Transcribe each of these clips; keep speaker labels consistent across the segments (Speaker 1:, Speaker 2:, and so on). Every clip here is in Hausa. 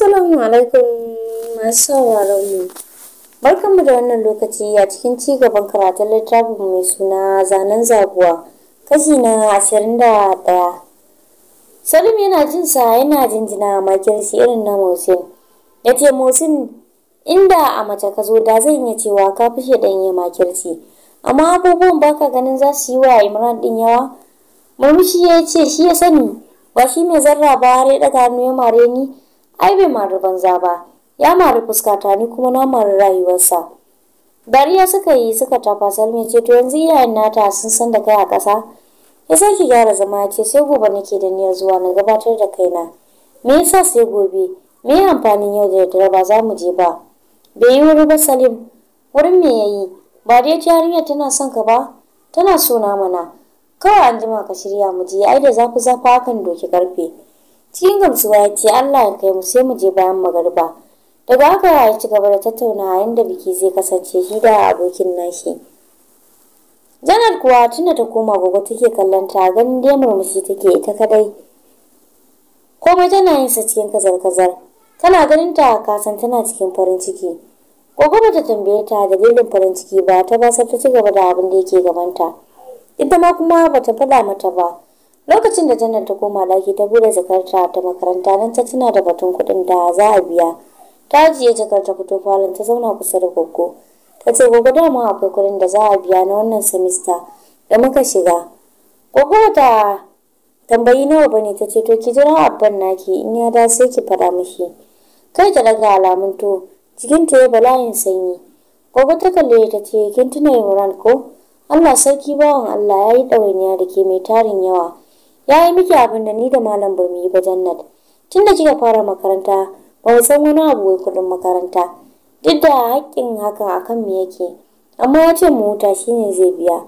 Speaker 1: Assalamu alaikum masu sauraron mu. Barkanmu da wannan lokaci a cikin ci gaban karatun littafin mai suna zanen zabuwa kashi na ashirin da ɗaya. Salim yana jin sa yana jinjina makirci irin na Mosin. Ya ce Mosin inda a mace ka zo da zan iya cewa ka fi ɗanye makirci. Amma abubuwan baka ganin za su yi wa Imran ɗin yawa? Murmushi ya ce shi ya sani ba shi mai zarra ba har ya ɗaga hannu ya mare ni. ai bai mari banza ba ya mari fuskata ni kuma na mari rayuwarsa dariya suka yi suka tafa salmi ce to yanzu iyayen nata sun san da kai a ƙasa ya sake gyara zama ya ce sai gobe nake da niyyar zuwa na gabatar da kaina me yasa sai gobe me ya amfanin yau da daddare ba za mu je ba bai yi wuri ba salim wurin me ya yi ba dai yarinyar tana son ka ba tana so na mana kawai an jima ka shirya mu je ai da zafi zafi hakan doki karfe cikin gamsuwa ya ce Allah ya kai mu sai mu je bayan magariba daga haka ya ci gaba da tattaunawa yadda biki zai kasance shi da abokin nashi janar kuwa tunda ta koma gogo take kallon ta ganin dai murmushi take ita kadai komai tana yin sa cikin kazar-kazar tana ganin ta kasan tana cikin farin ciki gogo bata tambaye ta dalilin farin ciki ba ta ba ta ci gaba da abin da yake gabanta ita ma kuma bata faɗa mata ba lokacin da janar ta koma daki ta bude jakarta ta makaranta nan ta tuna da batun kuɗin da za a biya ta ajiye jakar ta fito falon ta zauna kusa da goggo ta ce goggo dama akwai kuɗin da za a biya na wannan semester da muka shiga goggo ta tambayi nawa bane ta ce to ki jira abban naki in ya da sai ki fara mishi kai ta daga alamun to cikin ta ya bala'in sanyi gobe ta kalle ta ce kin tuna Imran ko Allah sarki bawan Allah ya yi ɗawainiya da ke mai tarin yawa ya yi miki abin da ni da malam ba mu yi ba jannat tun da kika fara makaranta ba mu san wani abu wai kuɗin makaranta duk da haƙƙin hakan kan mu yake amma ya ce mu huta shine zai biya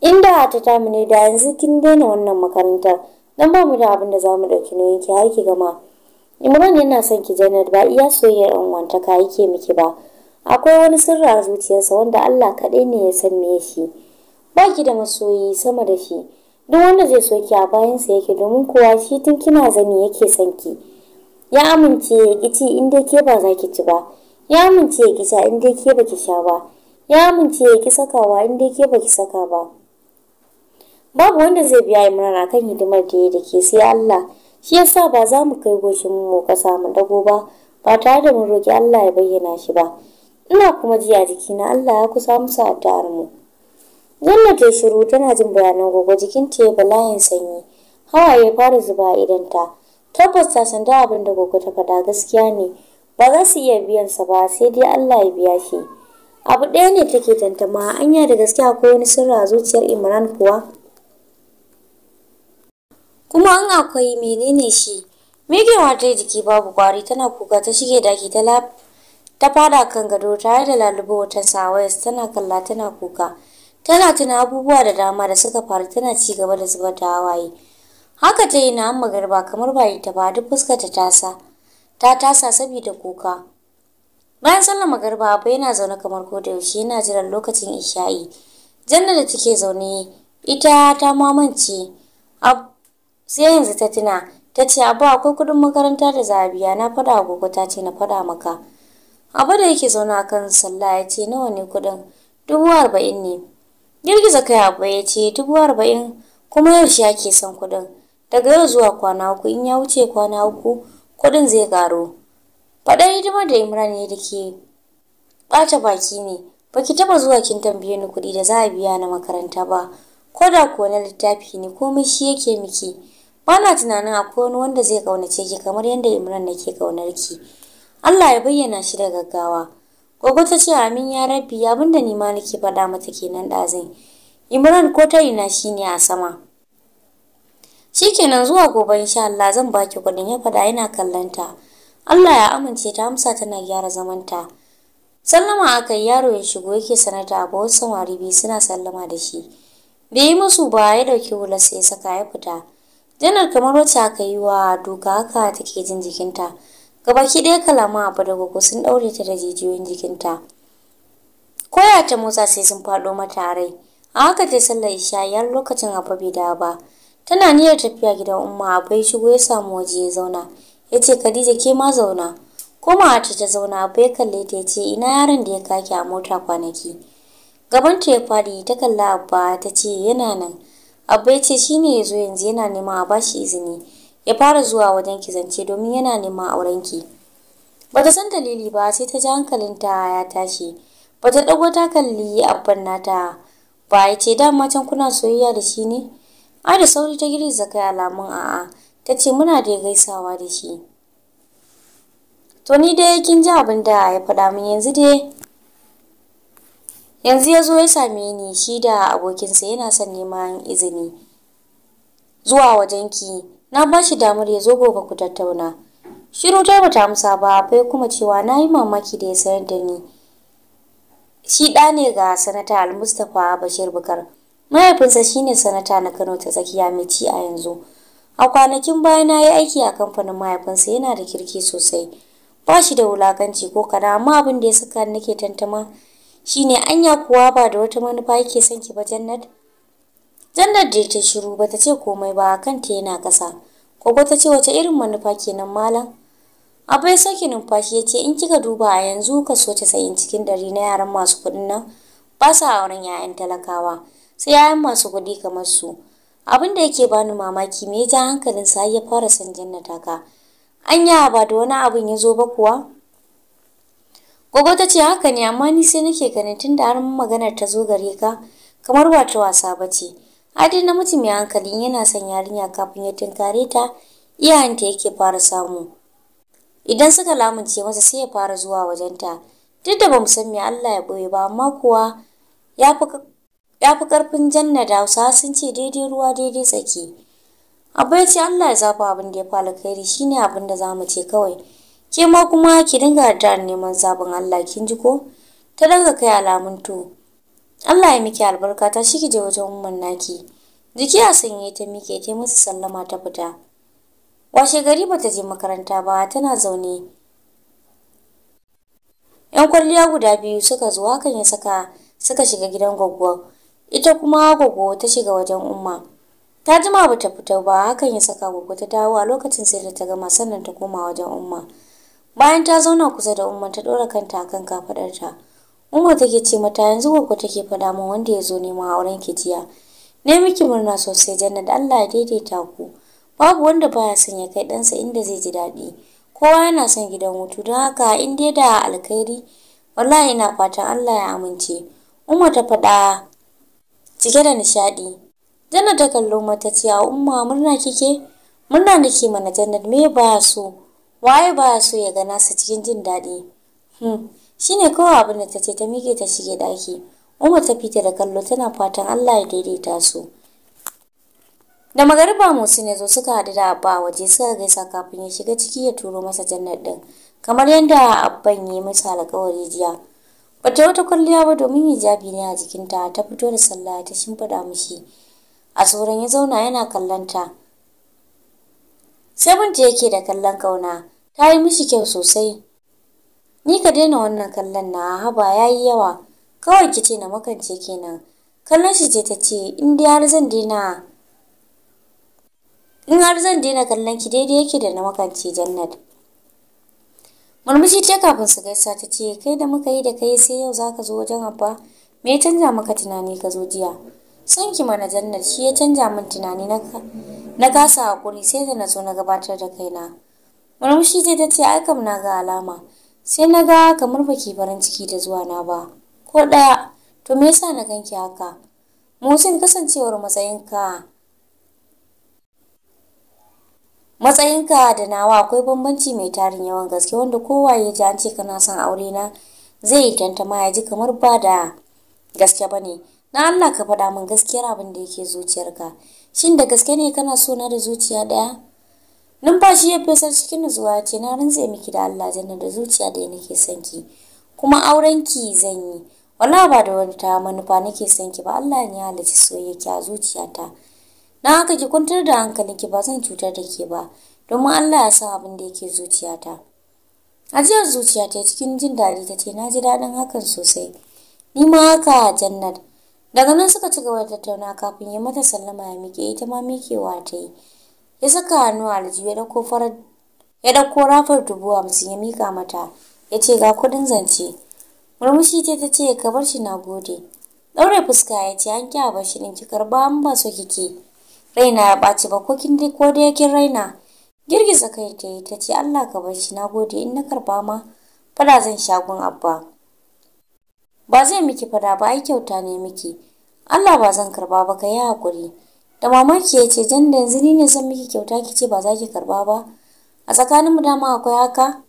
Speaker 1: In inda ta mu ne da yanzu kin daina wannan makarantar dan ba mu da abin da za mu ɗauki nauyin ki har ki gama imran yana son ki jannat ba iya soyayyar ɗan wantaka yake miki ba akwai wani sirri a zuciyarsa wanda allah kaɗai ne ya san me shi ba ki da masoyi sama da shi duk wanda zai soke a bayansa yake domin kowa shi tun kina zani yake son ki ya amince ya ki ci in ke ba za ki ci ba ya amince ya ki sha in dai ke ba ki sha ba ya amince ya ki sakawa in dai ke ba ki saka ba babu wanda zai biya imran kan hidimar da ya da ke sai Allah shi yasa ba za mu kai goshin mu kasa mu dago ba ba tare da mun roki Allah ya bayyana shi ba ina kuma ji a jikina Allah ya kusa musa addu'ar mu Yalla ke shiru tana jin bayanan gogo jikinta ya layin sanyi. Hawaye fara zuba a ta Tabbas ta san da abin da gogo ta faɗa gaskiya ne. Ba za su iya biyan sa ba sai dai Allah ya biya shi. Abu ɗaya ne take tantama anya da gaskiya akwai wani sirra zuciyar Imran kuwa. Kuma an akwai menene shi? Migewa ta jiki babu kwari tana kuka ta shige daki ta lab ta fada kan gado tare da lalubo wata sawayas tana kalla tana kuka. tana tuna abubuwa da dama da suka faru tana ci gaba da zubar da hawaye haka ta yi na amma garba kamar ba ita ba duk fuskar ta tasa ta tasa saboda kuka bayan sallar magarba abu yana zaune kamar ko da yaushe yana jiran lokacin isha'i janna da take zaune ita ta mamance sai yanzu ta tuna ta ce abu akwai kuɗin makaranta da biya na fada gogo ta ce na faɗa maka abu da yake zaune a kan sallah ya ce nawa ne kudin dubu arba'in ne girgiza kai abu ya ce dubu arba'in kuma yaushe ake son kuɗin daga yau zuwa kwana uku in ya wuce kwana uku kuɗin zai ƙaru faɗar hidimar da imran ne da ke ɓata baki ne baki taɓa zuwa kin tambaye ni kuɗi da za a biya na makaranta ba ko da kuwa na littafi ne komai shi yake miki ba na tunanin akwai wani wanda zai ƙaunace ki kamar yadda imran nake ƙaunar ki allah ya bayyana shi da gaggawa Gogo ta ce amin ya rabbi abinda ni ma nake faɗa mata kenan ɗazin. Imran ko ta ina shi ne a sama. Shikenan zuwa gobe insha Allah zan baki kuɗin ya faɗa yana kallanta. Allah ya amince ta amsa tana gyara zamanta. Sallama aka yaro ya shigo yake sanata ba abu wasu samari biyu suna sallama da shi. Bai yi musu ba ya ɗauki hular sai saka ya fita. Janar kamar wacce aka yi wa doka haka take jin jikinta. gabaki ɗaya kalaman abu da gogo sun ɗaure ta da jijiyoyin jikinta koya ta motsa sai sun faɗo mata rai a haka ta sallar isha yar lokacin abu bai dawo ba tana niyyar tafiya gidan umma abu ya shigo ya samu waje ya zauna ya ce khadija ke ma zauna komawa a ta zauna abu ya kalle ta yace ce ina yaron da ya kake a mota kwanaki gaban ta ya faɗi ta kalla abba ta ce yana nan abba ya ce shine ya zo yanzu yana neman a bashi izini ya fara zuwa wajen ki zance domin yana neman auren ki bata san dalili ba sai ta ji hankalinta ya tashi bata dago ta kalli abban nata ba ya ce da can kuna soyayya da shi ne ai da sauri ta girgiza kai alamun a'a ta ce muna da gaisawa da shi to ni dai kin ji abin da ya faɗa min yanzu dai yanzu ya zo ya same ni shi da abokinsa yana son neman izini zuwa wajenki na ba shi damar ya zo gobe ku tattauna shiru ta bata amsa ba bai kuma cewa na yi mamaki da ya sayar da ni shi ɗa ne ga sanata almustapha bashir bukar mahaifinsa shine sanata na kano ta tsakiya mai ci a yanzu a kwanakin baya na yi aiki a kamfanin mahaifinsa yana da kirki sosai ba shi da wulakanci ko kana amma abin da ya saka nake tantama shine anya kuwa ba da wata manufa yake son ki ba jannat Jannar da ta shiru ba ta ce komai ba kanta yana kasa Gogo ta ce wace irin manufa kenan malam? Abu ya sauke numfashi ya ce in kika duba a yanzu ka kaso casa'in cikin ɗari na yaran masu kuɗin nan ba sa auren 'ya'yan talakawa sai 'ya'yan masu kuɗi kamar su. Abin da yake bani mamaki me ya ja hankalin sa ya fara son jannata ka. Anya ba da wani abin ya zo ba kuwa? Gogo ta ce haka ne amma ni sai nake ganin tunda da har maganar ta zo gare ka kamar ba wasa ba ce. Adin mutum ya hankali yana son yarinya kafin ya tunkare ta iyayenta yake fara samu. Idan suka lamunce masa sai ya fara zuwa wajenta. Duk da bamu san me Allah ya boye ba amma kuwa ya fi karfin janna da Hausa sun ce daidai ruwa daidai tsaki. Abu ya ce Allah ya zafa abin da ya fi alkhairi shine abin da mu ce kawai. Ke ma kuma ki dinga da neman zabin Allah kin ji ko? Ta daga kai alamun to. Allah ya miki albarka ta shi kije wajen umman naki jiki a sanye ta mike ta musu sallama ta fita washe gari bata je makaranta ba tana zaune yan kwalliya guda biyu suka zo hakan ya saka suka shiga gidan goggo ita kuma goggo ta shiga wajen umma ta jima bata fita ba hakan ya saka goggo ta dawo a lokacin sai da ta gama sannan ta koma wajen umma bayan ta zauna kusa da umma ta dora kanta akan kafadarta Umma take ce mata yanzu gwaggo take fada min wanda ya zo neman auren ki jiya. Ne miki murna sosai Jannat Allah ya daidaita ku. Babu wanda baya son ya kai ɗansa inda zai ji daɗi. Kowa yana son gidan hutu don haka in dai da alkhairi wallahi ina fatan Allah ya amince. Umma ta faɗa cike da nishaɗi. Jannat ta kallo mata ce a umma murna kike? Murna nake mana Jannat me baya so? Waye baya so ya ga nasa cikin jin daɗi? Hmm. Shi ne kawai abin da ta ce ta mike ta shige daki Umar ta fita da kallo tana fatan Allah ya daidaita su da magariba musu ne zo suka hadu da abba waje suka gaisa kafin ya shiga ciki ya turo masa jannar din kamar yadda abban yi masa alƙawari jiya bata wata kwalliya ba domin hijabi ne a jikinta ta fito da sallah ta shimfiɗa mishi a tsoron ya zauna yana kallonta sai binta yake da kallon kauna ta yi mishi kyau sosai Ni ka daina wannan kallon na haba ya yi yawa. Kawai ki ce na makance kenan. Kallon shi ce ta ce in dai har zan daina in har zan daina kallon ki daidai yake da na makance Jannat. Murmushi ce kafin su gaisa ta ce kai da muka yi da kai sai yau zaka zo wajen abba me ya canja maka tunani ka zo jiya. Son ki mana Jannat shi ya canja min tunani na na kasa hakuri sai da na zo na gabatar da kaina. Murmushi ce ta ce ai kam na ga alama. sai na ga kamar ba ke farin ciki da zuwa na ba ko ɗaya to me yasa na ganki haka motsin kasancewar matsayinka matsayinka da nawa akwai bambanci mai tarin yawan gaske wanda kowa ya ji an ce kana son aure na zai yi tantama ya ji kamar ba da gaske ba ne na Allah ka faɗa min gaskiyar abin da yake zuciyarka shin da gaske ne kana so na da zuciya ɗaya numfashi ya fesar cikin nutsuwa ya ce na rantse miki da Allah janna da zuciya da nake son ki kuma auren ki zan yi wala ba da wani ta manufa nake son ki ba Allah ne ya halarci soyayya a zuciyata na haka ki kwantar da hankalinki ba zan cutar da ke ba domin Allah ya san abin da yake zuciyata ajiyar zuciyata ta cikin jin daɗi ta ce na ji daɗin hakan sosai ni ma haka jannat daga nan suka ci gaba da tattauna kafin ya mata sallama ya miƙe ita ma miƙewa ta yi ya saka hannu a aljihu ya dauko rafar dubu hamsin ya mika mata ya ce ga kudin zance murmushi ce ta ce ka bar shi na gode ɗaure fuska ya ce an kya bar shi din ki karba an ba so kike raina ya ɓaci ba ko kin dai ko dai kin raina girgiza kai ta yi ta ce Allah ka bar shi na gode in na karba ma fada zan shagon abba ba zai miki fada ba ai kyauta ne miki Allah ba zan karba ba ka yi hakuri da mamaki ya ce jan da yanzu ni ne zan miki kyauta ki ce ba za ki karba ba a tsakaninmu dama akwai haka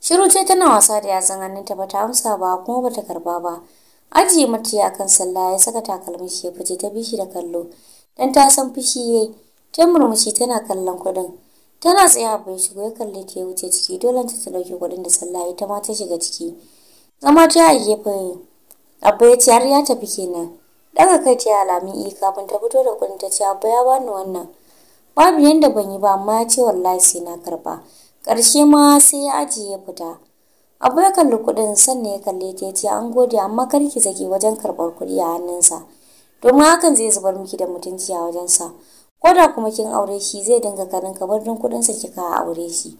Speaker 1: shiru ce tana wasa da yatsun hannunta ba ta amsa ba kuma ba ta karba ba ajiye mata ya kan sallah ya saka takalmin shi ya fice ta bi shi da kallo dan ta san fushi yi ta murmushi tana kallon kuɗin tana tsaye a bai shigo ya kalli ta ya wuce ciki dole ta ta dauke kuɗin da sallah ita ma ta shiga ciki zama ta a gefe abba ya ce har ya tafi kenan daga kai ta alamin i e kafin ta fito da kuɗin ta ce abu ya bani wannan babu yanda ban yi ba amma ya ce wallahi sai na karba ƙarshe ma sai ya ajiye ya fita abu ya kalli kuɗin sannan ya kalle ta ce an gode amma kar ki zaki wajen karɓar kuɗi a hannunsa domin hakan zai zubar miki da mutunci a wajensa ko da kuma kin aure shi zai dinga karin kabar don kuɗinsa kika aure shi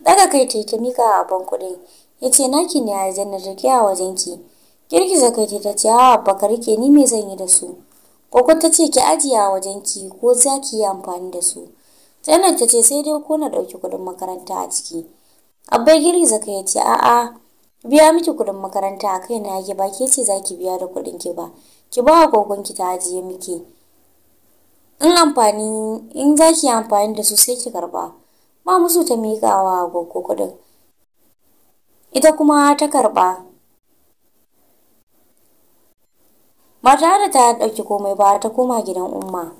Speaker 1: daga kai ta ta mika a ban kuɗin ya ce naki ne a aljanna ta a wajen ki girgiza kai ta ce a baka rike ni me zan yi da su koko ta ce ki ajiya wajen ki ko za ki yi amfani da su janet ta ce sai dai ko na ɗauki kuɗin makaranta a ciki abbai girgiza kai ya ce a'a biya miki kuɗin makaranta a kai na yake ba ke ce za ki biya da kuɗin ki ba ki ba gwaggon ki ta ajiye miki in amfani in za ki yi amfani da su sai ki karba ma musu ta miƙawa gwaggo kuɗin ita kuma ta karba ba tare da ta ɗauki komai ba ta koma gidan umma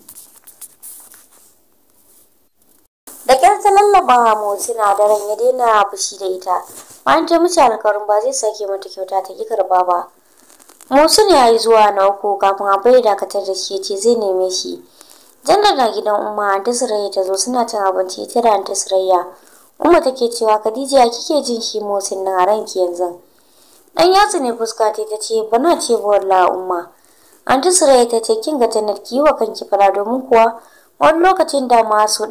Speaker 1: da ƙyar ta lallaba motsi na daren ya daina fushi da ita bayan ta mace alkawarin ba zai sake mata kyauta ta ki karba ba motsi ya yi zuwa na uku kafin abai da dakatar da shi ce zai neme shi jannar na gidan umma ta sirayya ta zo suna cin abinci ta da ta sirayya umma take cewa khadija kike jin shi motsin na ranki yanzu dan yatsu ne fuska ta ce bana ce la'umma umma an ji ta ce kin ga tanar ki yi wa kanki fara domin kuwa wani lokacin dama so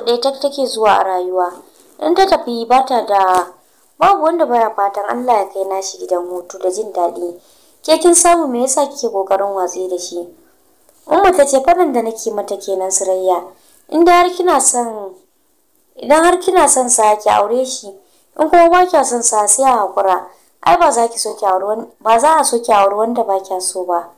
Speaker 1: ɗaya ta take zuwa a rayuwa in ta tafi ba ta da babu wanda baya fatan Allah ya kai nashi gidan hutu da jin daɗi ke kin samu me yasa kike kokarin watsi da shi umma ta ce faɗin da nake mata kenan sirayya idan har kina son sa ki aure shi in kuma ba kya son sa sai a hakura ai ba za ki so ba za a so ki auri wanda ba kya so ba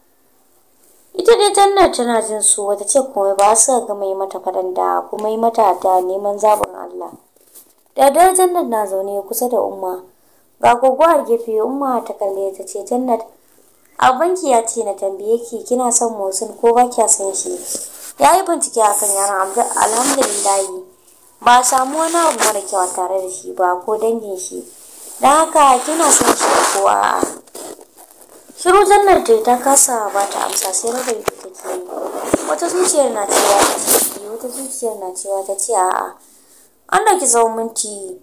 Speaker 1: ita dai jannar tana jin su wata ce kuma ba su ga mai mata fadan da kuma yi mata da neman zabin Allah da dare jannat na zaune kusa da umma ga gogo a gefe umma ta kalle ta ce jannat abanki ya ce na tambaye ki kina son Musin ko ba kya son shi ya yi bincike a kan yaran alhamdulillahi ba samu wani abu mara kyau tare da shi ba ko dangin shi Da haka kina son shi ko a. shiru jannar ta ta kasa ba ta amsa sai rabin ta take yi wata zuciyar na cewa ta ce eh, wata zuciyar na cewa ta ce a'a an ɗauki tsawon minti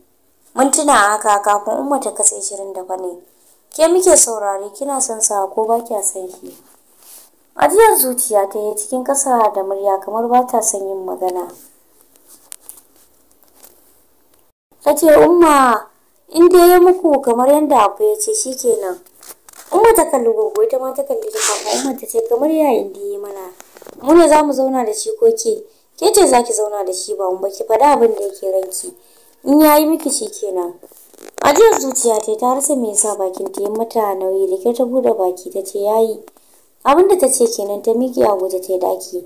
Speaker 1: mintuna haka kafin umma ta katse shirin da fane ke muke saurare kina son sa ko ba kya son shi ajiyar zuciya ta yi cikin kasa da murya kamar ba ta son yin magana ta ce umma in dai ya muku kamar yadda abu ya ce shi kenan. Umar ta kalli gogo ita ma ta kalli ta kafa Umar ta ce kamar yayin da yi mana mu ne za mu zauna da shi ko ke ke ce za ki zauna da shi ba mu ba ki faɗa abin da yake ranki in ya yi miki shi kenan ajiyar zuciya yi ta rasa mai yasa bakin ta yi mata nauyi da ke ta bude baki ta ce ya yi. abin da ta ce kenan ta miƙe a guje ta daki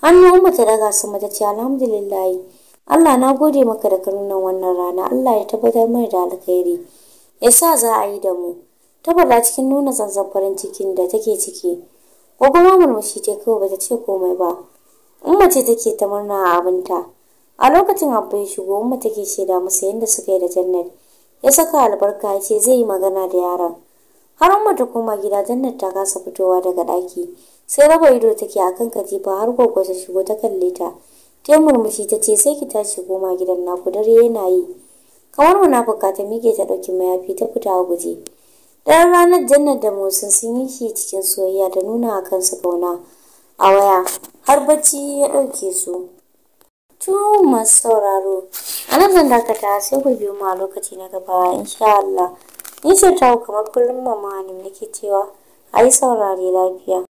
Speaker 1: hannu Umar ta daga sama ta ce alhamdulillah Allah na gode maka da ka wannan rana Allah ya tabbatar mana da alkhairi ya sa za a yi da mu tabbata cikin nuna zanzan farin cikin da take ciki gogoma murmushi ta kawai bata ce komai ba umma ce take ta murna a abinta a lokacin abu ya shigo umma take shaida masa yadda suka yi da jannat ya saka albarka ya ce zai yi magana da yaron. har umma ta koma gida jannat ta kasa fitowa daga ɗaki sai raba ido take akan katifa har gogo ta shigo ta kalle ta ta murmushi ta ce sai ki tashi goma gidan naku dare yana yi kamar munafuka ta mike ta ɗauki mayafi ta fita a guje ɗan ranar jannar da motsin sun yi shi cikin soyayya da nuna a kansu kauna a waya har bacci ya ɗauke su Tu masu sauraro a nan zan dakata sai ku biyo mu a lokaci na gaba insha Allah ni ce ta kamar kullum mama nake cewa a yi saurare lafiya